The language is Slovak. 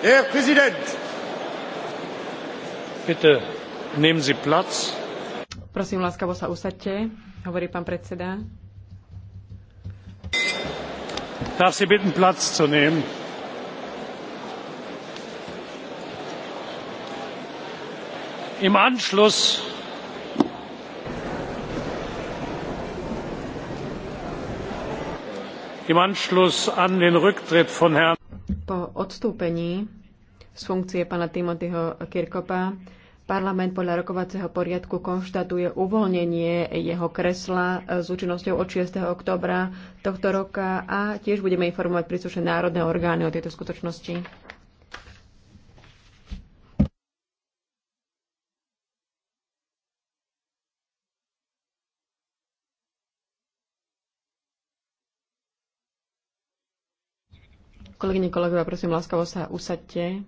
Herr Präsident! Bitte nehmen Sie Platz. Prosím, láskavo sa usadte, hovorí pán predseda. Darf Sie bitten, Platz zu nehmen. Im Anschluss po odstúpení z funkcie pána Timothyho Kirkopa parlament podľa rokovacieho poriadku konštatuje uvoľnenie jeho kresla s účinnosťou od 6. oktobra tohto roka a tiež budeme informovať príslušné národné orgány o tejto skutočnosti. Kolegyne, kolegovia, prosím, láskavo sa usadte.